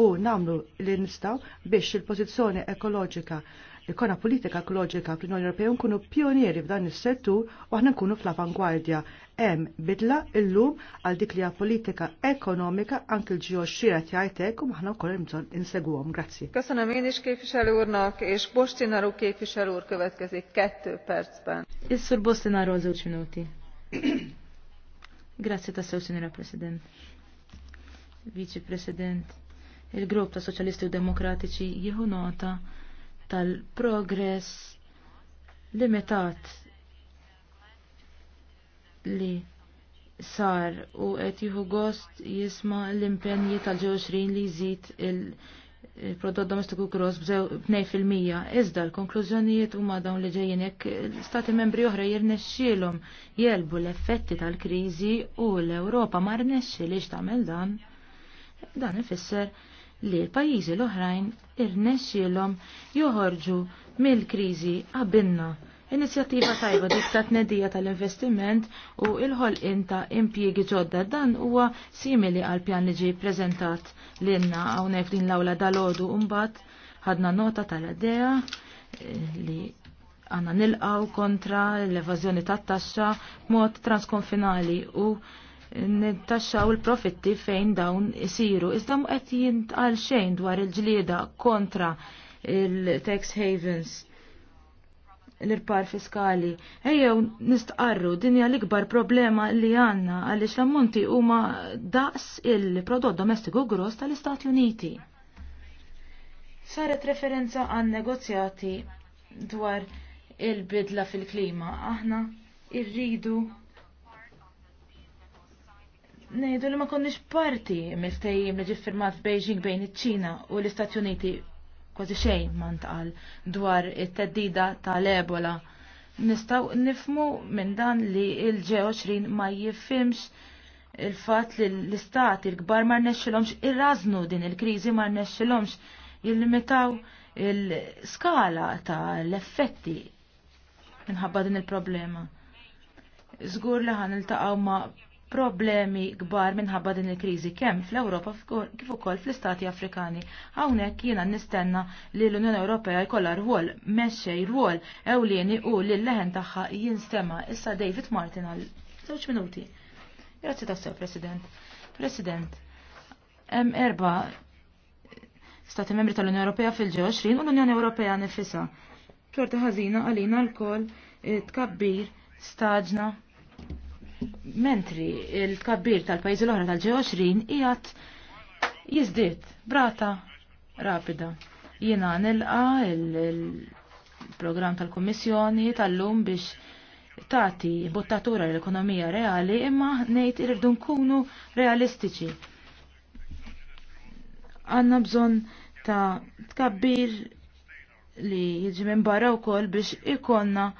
S2: u namlu li instaw biex il-pożizzjoni ekoloġika ikona politika ekoloġika fl-Unjoni Ewropea nkunu pionieri f'dan is-settur u aħna nkunu fl-avangwardja. Hemm bidla illum għal dik li politika ekonomika anke l-ġio xira u aħna wkoll imżon insegwhom. Grazzi. Köszönöm én is képviselő úrnak, és Bostinaru képviselő ur következik kettő percben. Is-sur Bostinaru żewġ minuti.
S3: Grazzi tassew, Sinjora President. Vice President il-grupp ta' Soċjalisti u Demokratiċi jieħu nota tal-progress limitat li sar u qed jieħu gost jisma' l-impenji tal-20 li jżid il-prodott domestiku gross b'nej fil-mija. Iżda l-konklużjonijiet huma dawn li ġejjin jekk stati membri oħra jirnexxielhom jelbu l-effetti tal-kriżi u l-Ewropa ma rnexxilix tagħmel dan. Dan ifisser li l-pajjiżi l-oħrajn irnexxielhom joħorġu mill-kriżi qabilna. Inizjattiva tajba dik ta' tnedija tal-investiment u il-ħolqin ta' impjiegi ġodda dan huwa simili għal pjan li ġie preżentat lilna hawnhekk din l-awla dalodu mbagħad ħadna nota tal-idea eh, li għanna nilqaw kontra l-evazjoni tat taxxa mod transkonfinali u nittaxxaw il-profitti fejn dawn isiru. Iżda qed jintqal xejn dwar il-ġlieda kontra il-tax havens l-irpar fiskali. Ejjew nistqarru dinja l-ikbar problema li għanna għaliex l-ammonti huma daqs il-prodott domestiku gross tal-Istati Uniti. Saret referenza għan negozjati dwar il-bidla fil-klima. Aħna irridu Nejdu li ma konniex parti mill li ġiffirmat Beijing bejn iċ-Ċina u l-Istati Uniti kważi xejn ma ntqal dwar it-teddida tal-Ebola. Nistaw nifmu minn dan li il-G20 ma jifimx il-fat li l-istati il kbar ma rnexxilhomx irrażnu din il-kriżi ma rnexxilhomx jillimitaw il-skala ta' l-effetti minħabba din il-problema. Zgur li ħan iltaqgħu ma' problemi kbar minħabba din il-kriżi kemm fl-Ewropa kif ukoll fl-Istati Afrikani. Hawnhekk jiena nistenna li l-Unjoni Ewropea jkollha rwol mexxej rwol ewlieni u li l-leħen tagħha jinstema' issa David Martin għal żewġ minuti. Grazzi tassew, President. President, hemm erba' stati membri tal-Unjoni Ewropea fil 20 u l-Unjoni Ewropea nifisha. Kjorta ħażina għalina l-kol tkabbir staġna mentri il kabbir tal tal-pajjiżi l-oħra tal-G20 qiegħed jiżdied brata rapida. Jiena nilqa il-programm tal-Kummissjoni tal-lum biex tagħti bottatura l-ekonomija reali imma ngħid irridu nkunu realistiċi. Għandna bżonn ta' tkabbir li jiġi minn barra wkoll biex ikonna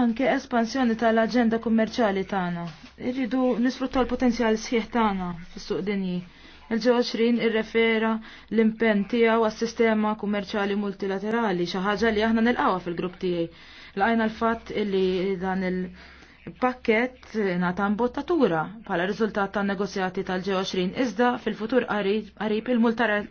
S3: anke espansjoni tal-aġenda kummerċjali tagħna. Irridu nisfruttaw l-potenzjal sħiħ tagħna fis-suq dinji. Il-20 irrefera l-impenn tiegħu għas-sistema kummerċjali multilaterali xi ħaġa li aħna nilqawha fil-grupp tiegħi. Laqajna l-fatt illi dan il- pakket nata mbottatura pala riżultat tan negozjati tal-G20 iżda fil-futur għarib il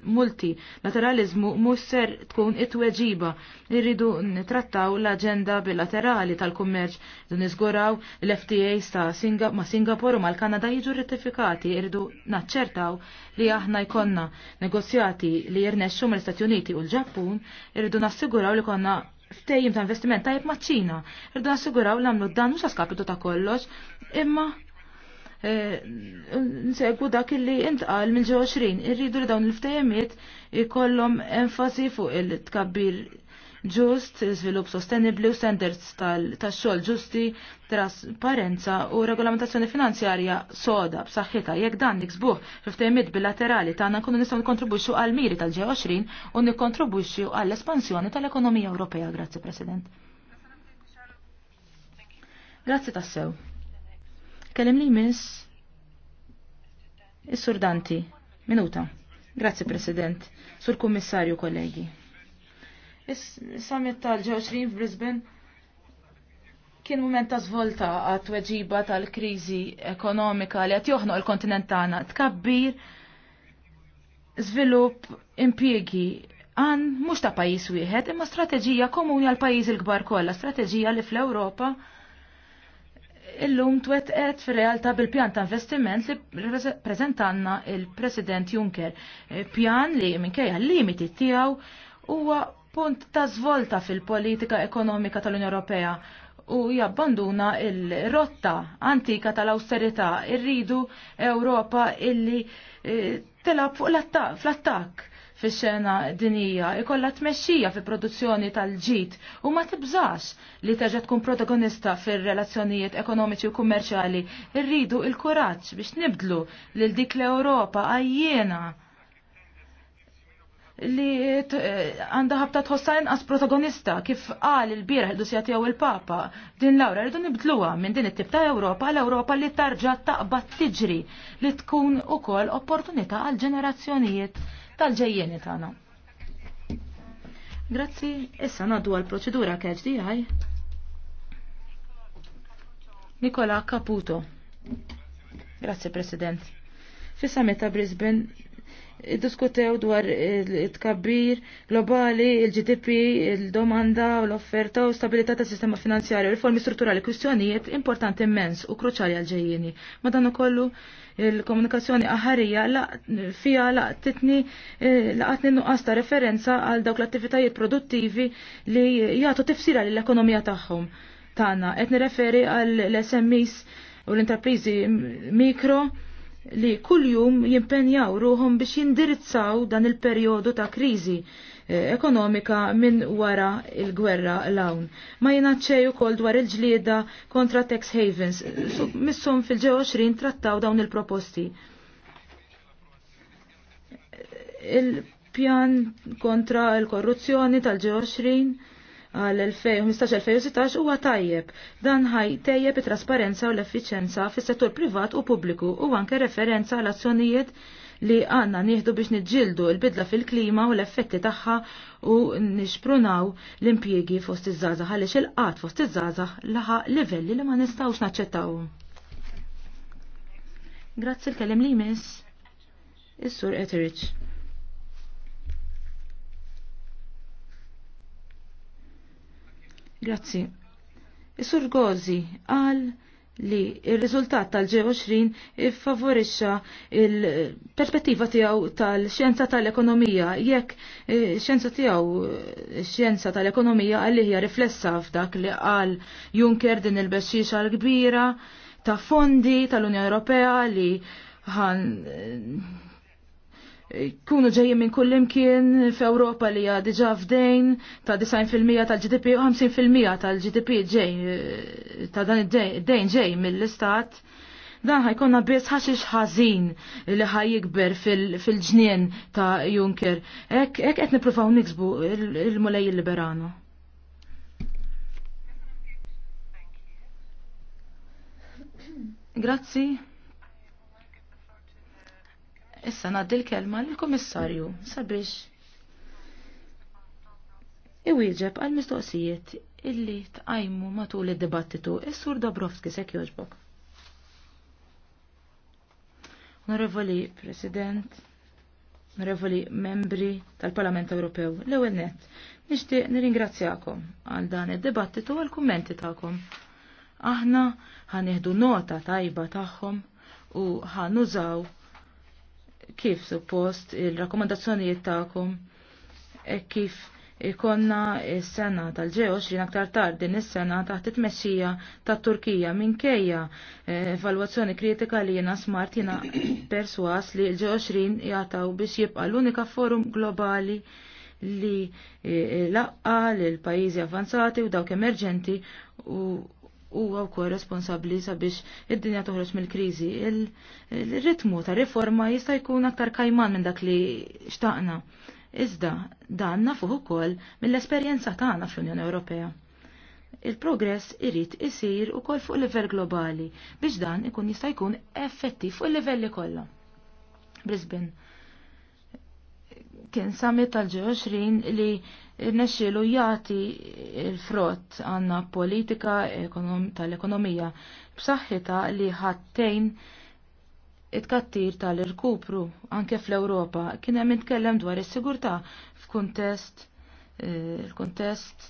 S3: multi mhux ser tkun it-tweġiba irridu nitrattaw l-aġenda bilaterali tal-kummerċ dun niżguraw l fta ta' Singa ma' Singapore u mal-Kanada jiġu rratifikati irridu naċċertaw li aħna jkonna negozjati li jirnexxu mill-Stati Uniti u l-Ġappun irridu nassiguraw li konna ftejjim ta' investiment tajjeb ma' ċina. Irdu nassiguraw li għamlu dan mhux għaskapitu ta' kollox, imma e, nsegwu dak li intqal minn ġewwa xrin. irridu li dawn il ftejjimiet ikollhom enfasi fuq il-tkabbir ġust, svilup sostenibli u standards tax-xogħol ġusti, trasparenza u regolamentazzjoni finanzjarja soda b'saħħita. jekk dan niksbuh f'ftehimiet bilaterali tagħna nkunu nistgħu nikkontribwixxu għal miri tal-G20 u nikkontribwixxu għall espansjoni tal-ekonomija Ewropea. Grazzi President. Grazzi tassew. Kellim li miss Is-surdanti. Minuta. Grazzi President. Sur Kummissarju kollegi. Is-summit tal-20 f'Brisbane kien moment ta' svolta għat weġiba tal-kriżi ekonomika li għat joħnu il-kontinent tagħna tkabbir żvilupp impjiegi għan mhux ta' pajjiż wieħed imma strateġija komuni għal pajjiżi il kbar kollha, strateġija li fl-Ewropa illum twetqet fir-realtà bil-pjan ta' investiment li prezentanna il-President Juncker. Pjan li minkejja l-limiti tiegħu huwa punt ta' svolta fil-politika ekonomika tal-Unjoni Ewropea u jabbanduna il-rotta antika tal-austerità irridu Ewropa illi eh, telab fuq l-attak fis xena dinija, ikolla tmexxija fi produzzjoni tal-ġit u ma tibżax li terġa' tkun protagonista fir-relazzjonijiet ekonomiċi u kummerċjali. Irridu il-kuraġġ biex nibdlu lil dik l-Ewropa għajjena li għanda ħabta tħossajn għas protagonista kif qal il-bira ħeddu sijati il-papa din Laura rridu nibdluwa minn din it tipta ta' Ewropa l-Ewropa li tarġa taqbad tiġri li tkun u kol opportunita għal ġenerazzjonijiet tal-ġejjeni tagħna. Grazzi, issa naddu għal proċedura keġ di għaj. Nikola Caputo. Grazzi President. F'issa meta Brisbane diskutew dwar il-tkabbir globali, il-GDP, il-domanda u l-offerta u stabilità ta' sistema finanzjarju, riformi strutturali, kwistjonijiet importanti immens u kruċali għal-ġejjini. Madan kollu il-komunikazzjoni aħarija fija laqtitni eh, laqtni nuqasta referenza għal dawk l-attivitajiet produttivi li jagħtu tifsira lill-ekonomija tagħhom tagħna. Qed nirreferi għall smes u l-intraprizi mikro li kuljum jimpenjaw ruhom biex jindirizzaw dan il-perjodu ta' kriżi eh, ekonomika minn wara il-gwerra l-awn. Ma jinaċċeju kol dwar il-ġlieda kontra tax havens. Missum fil-20 trattaw dawn il-proposti. Il-pjan kontra il-korruzzjoni tal-20 għal 2015-2016 huwa tajjeb. Dan ħaj tejjeb it-trasparenza u l efficienza fis-settur privat u pubbliku u anke referenza għal azzjonijiet li għanna nieħdu biex nġildu il-bidla fil-klima u l-effetti tagħha u nixprunaw l-impjiegi fost iż-żazax għaliex il-qat fost iż-żazax laħa livelli li ma nistgħux naċċettaw. Grazzi l-kellem li jmiss is-sur Etheridge. Grazzi. Isur Gozi għal li il-riżultat tal-G20 favorixxa il-perspettiva tiegħu tal-xjenza tal-ekonomija jekk eh, xjenza tiegħu xjenza tal-ekonomija għalli hija riflessa f'dak li qal Juncker din il-bexxixa l-kbira ta' fondi tal-Unjoni Ewropea li ħan kunu ġejjin minn kull imkien f'Ewropa li hija diġà f'dejn ta' 90% tal-GDP u 50% tal-GDP ġej eh, ta' dan id-dejn ġej mill-istat. Dan ħajkonna biss ħaxix ħażin li ħajjikber fil-ġnien ta' Juncker. Ek qed nippruvaw niksbu il-mulej liberano. Grazzi. Issa naddi l-kelma l-Komissarju sabiex iwieġeb għal mistoqsijiet illi tqajmu matul id-dibattitu is-Sur Dobrovski sek joġbok. Onorevoli President, onorevoli membri tal-Parlament Ewropew, l-ewwel nett, nixtieq nirringrazzjakom għal dan id-dibattitu għal kummenti tagħkom. Aħna ħanieħdu nota tajba tagħhom u ħanużaw kif suppost il-rakkomandazzjonijiet tagħkom e kif ikonna s-sena tal xrin aktar tard din is-sena taħt it messija tat-Turkija minkejja eh, evalwazzjoni kritika li jiena smart jena <coughs> perswas li l xrin jataw biex jibqa' l-unika forum globali li eh, laqqa l-pajjiżi avanzati u dawk emerġenti u huwa wkoll responsabbli sabiex id-dinja toħroġ mill-kriżi. Il-ritmu ta' riforma jista' jkun aktar kajman minn dak li xtaqna. Iżda dan nafuh ukoll mill-esperjenza tagħna fl-Unjoni Ewropea il-progress irrit isir u kol fuq livell globali biex dan ikun jista' jkun effettiv fuq il-livelli kollha. Brisbane kien summit tal 20 li nesċilu jati il-frott għanna politika tal-ekonomija b'saħħita li ħattejn it-kattir tal-irkupru anke fl-Ewropa kien hemm nitkellem dwar is-sigurtà f'kuntest il-kuntest eh,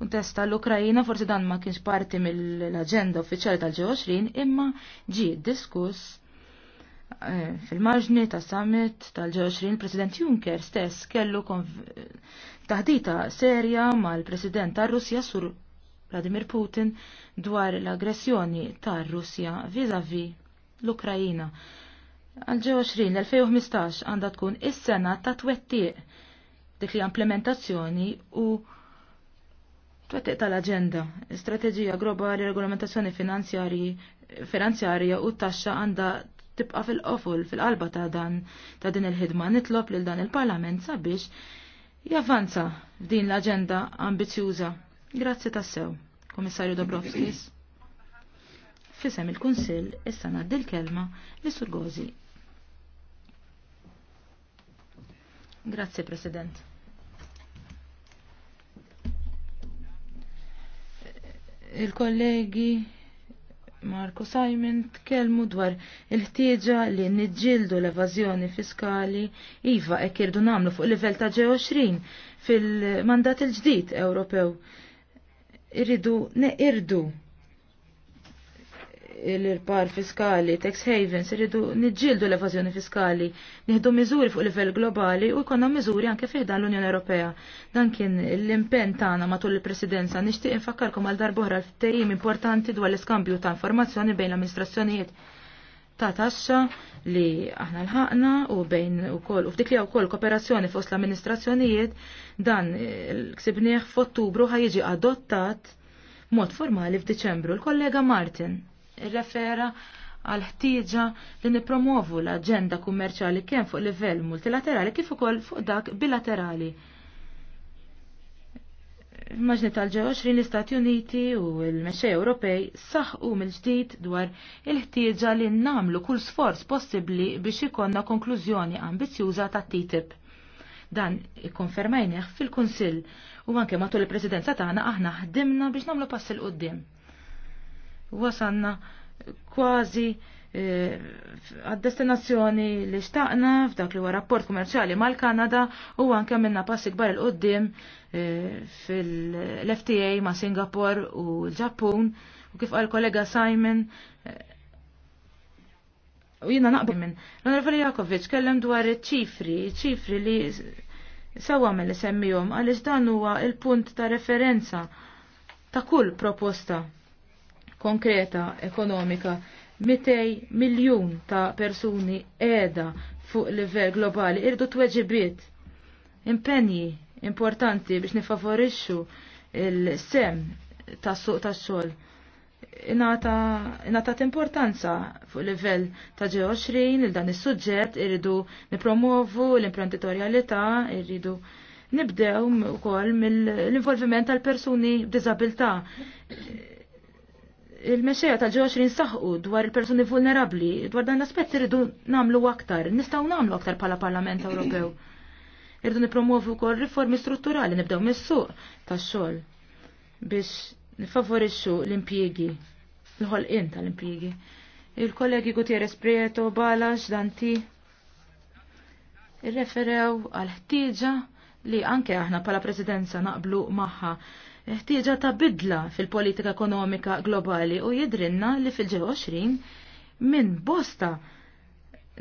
S3: kuntest tal-Ukrajina forsi dan ma kienx parti mill-aġenda uffiċjali tal-G20 imma ġi diskuss Eh, fil-marġni ta' summit tal-20 President Juncker stess kellu taħdita serja mal-President tar russja sur Vladimir Putin dwar l-aggressjoni tar russja vis l-Ukrajina. Għal-20 l-2015 għandha tkun is-sena ta' twetti dik li implementazzjoni u twettiq tal-agenda, strateġija globali, regolamentazzjoni finanzjarja u taxxa għandha tibqa' fil-qofol fil-qalba ta' dan ta' din il-ħidma nitlob lil dan il-Parlament sabiex javanza f'din l-aġenda ambizjuża. Grazzi tassew, Komissarju Dobrovskis. Fisem il-Kunsill issa ngħaddi l-kelma li surgozi. Grazzi President. Il-kollegi Marco Simon tkellmu dwar il-ħtieġa li niġġieldu l-evażjoni fiskali iva e kirdu nagħmlu fuq livell ta' ġew fil-mandat il-ġdid Ewropew. Irridu neqirdu l-irpar fiskali, tax havens, irridu nġildu l-evazjoni fiskali, nieħdu miżuri fuq livell globali u jkollna miżuri anke fiħdan l-Unjoni Ewropea. Dan kien l-impenn tagħna matul il-Presidenza nixtieq infakkarkom għal darb'oħra ftehim importanti dwar l-iskambju ta' informazzjoni bejn l-amministrazzjonijiet ta' taxxa li aħna l ħaqna u bejn u koll u f'dik li wkoll kooperazzjoni fost l-amministrazzjonijiet dan ksibnieh f'Ottubru ħajjiġi adottat mod formali f'Diċembru. Il-kollega Martin refera għal ħtieġa li nipromovu l-aġenda kummerċali kemm fuq livell multilaterali kif ukoll fuq dak bilaterali. Maġni tal-20 l-Istati Uniti u l-Mexxej Ewropej saħqu mill-ġdid dwar il-ħtieġa li namlu kull sforz possibbli biex ikonna konklużjoni ambizjuża ta' TTIP. Dan ikkonfermajnieh fil-Kunsill u anke matul il-Presidenza tagħna aħna ħdimna biex nagħmlu pass il qudiem wasanna kważi eh, għad-destinazzjoni li xtaqna f'dak li huwa rapport kummerċali mal-Kanada u anke minna passi kbar il-qoddim eh, fil-FTA ma' Singapore u l-Ġappun u kif għal kollega Simon eh, u jina naqbel minn. L-Onorevoli Jakovic kellem dwar ċifri, ċifri li sawa mill-semmijom għaliex dan huwa il-punt ta' referenza ta' kull proposta konkreta ekonomika. 200 miljun ta' persuni edha fuq livell globali irdu tweġibiet impenji importanti biex nifavorixxu il-sem tas suq tax xogħol inatat importanza fuq livell ta' G20 il dan is-suġġett irridu nipromovu l-imprenditorjalità, irridu nibdew ukoll mill-involviment tal-persuni b'diżabilità il-mexxejja ta' ġewx rinsaħqu dwar il-persuni vulnerabbli, dwar dan l-aspett irridu nagħmlu aktar, nistgħu nagħmlu aktar bħala Parlament Ewropew. Irridu nippromovu wkoll riformi strutturali nibdew mis-suq tax-xogħol biex nifavorixxu l-impjiegi, l-ħolqien tal-impjiegi. Il-kollegi Gutierrez Prieto, Balax, Danti, irreferew għal ħtieġa li anke aħna pala presidenza naqblu maħħa ħtieġa ta' bidla fil-politika ekonomika globali u jidrinna li fil 20 minn bosta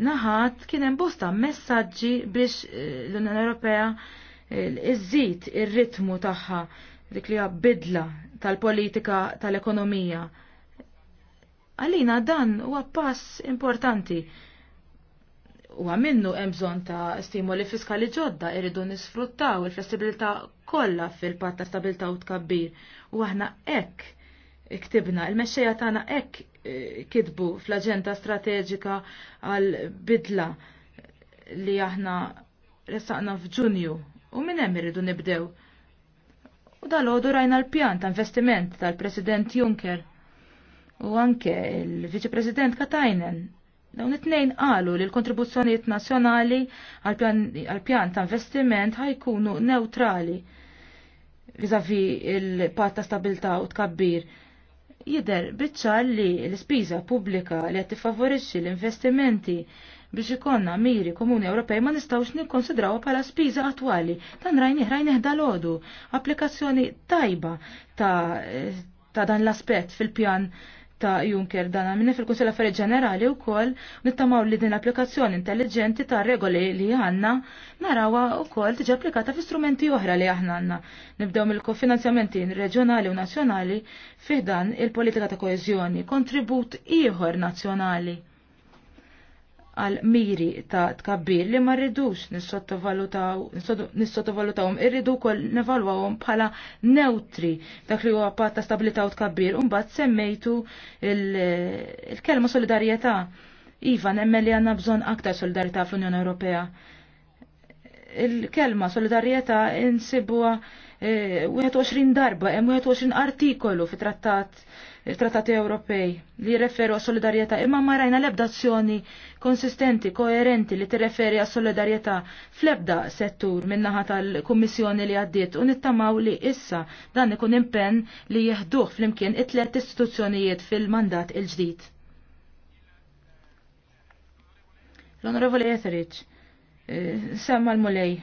S3: naħat kien hemm bosta messaġġi biex eh, l-Unjoni Ewropea eh, iżżid ir-ritmu tagħha dik li bidla tal-politika tal-ekonomija. Għalina dan huwa pass importanti u għamennu emżon ta' stimoli fiskali ġodda irridu nisfruttaw il-flessibilità kollha fil ta' stabilta u tkabbir. U aħna hekk iktibna, il-mexxejja tagħna hekk eh, kitbu fl-aġenda strateġika għal bidla li aħna ressaqna f'Ġunju u minn hemm irridu nibdew. U dal-għodu rajna l-pjan ta' investiment tal-President Juncker u anke il-Viċi-President Katajnen Dawn it-tnejn qalu li l-kontribuzzjonijiet nazzjonali għal-pjan ta' investiment ħajkunu neutrali vizavi il-pat ta' stabilta' u tkabbir. Jider biċċar li l-spiża pubblika li qed tiffavorixxi l-investimenti biex ikonna miri komuni Ewropej ma nistgħux nikkonsidraw bħala spiża attwali. Dan rajni rajnih dal lodu applikazzjoni tajba ta' ta' dan l-aspett fil-pjan ta' Juncker dan minni fil-Kunsel Affarijiet Ġenerali wkoll nittamaw li din applikazzjoni intelligenti ta' regoli li għandna narawha wkoll tiġi applikata fi strumenti oħra li aħna għandna. Nibdew mill-kofinanzjamenti reġjonali u nazzjonali fih dan il-politika ta' koeżjoni, kontribut ieħor nazzjonali għal miri ta' tkabbir li ma rridux nissottovalutawhom, irridu wkoll nevalwawhom bħala neutri dak li huwa patt ta' stabilità u tkabbir u mbagħad semmejtu il-kelma solidarjetà. Iva, nemmen li għandna bżonn aktar solidarjetà fl-Unjoni Ewropea. Il-kelma solidarjetà insibuha 21 eh, darba, hemm 21 artikolu fi trattat il-trattati Ewropej li jirreferu għas solidarjetà imma ma rajna l-ebda azzjoni konsistenti, koerenti li tirreferi għas solidarjetà fl-ebda settur minnaħa tal-Kummissjoni li għaddiet u nittamaw li issa dan ikun impenn li jieħduh fl-imkien it-tlet istituzzjonijiet fil-mandat il-ġdid. l onorevoli Etheridge, eh, semma l-mulej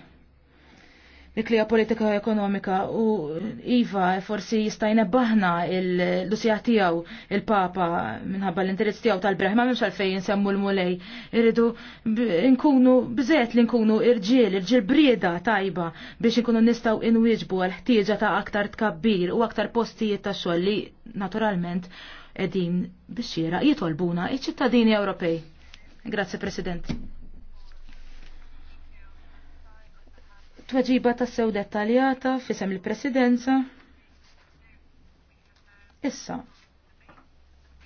S3: dik li politika ekonomika u Iva forsi jistajna baħna l lusija tijaw il-Papa minħabba l-interess tijaw tal brahma ma memx għalfejn semmu l-mulej irridu nkunu bżet li nkunu irġiel, irġiel brieda tajba biex nkunu nistaw inwiġbu għal-ħtieġa ta' aktar tkabbir u aktar postijiet ta' xogħol li naturalment edin biex jitolbuna iċ-ċittadini Ewropej. Grazie President. tweġiba ta' sew dettaljata fisem il-presidenza. Issa,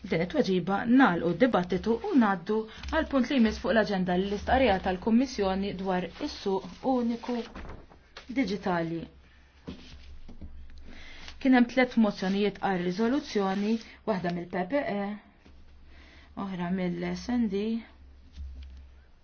S3: din it-tweġiba nal d-dibattitu u naddu għal punt li jmiss fuq l-aġenda l-istqarrija tal-Kummissjoni dwar is-suq uniku digitali. Kien hemm tliet mozzjonijiet għal riżoluzzjoni, waħda mill-PPE, oħra mill-SND,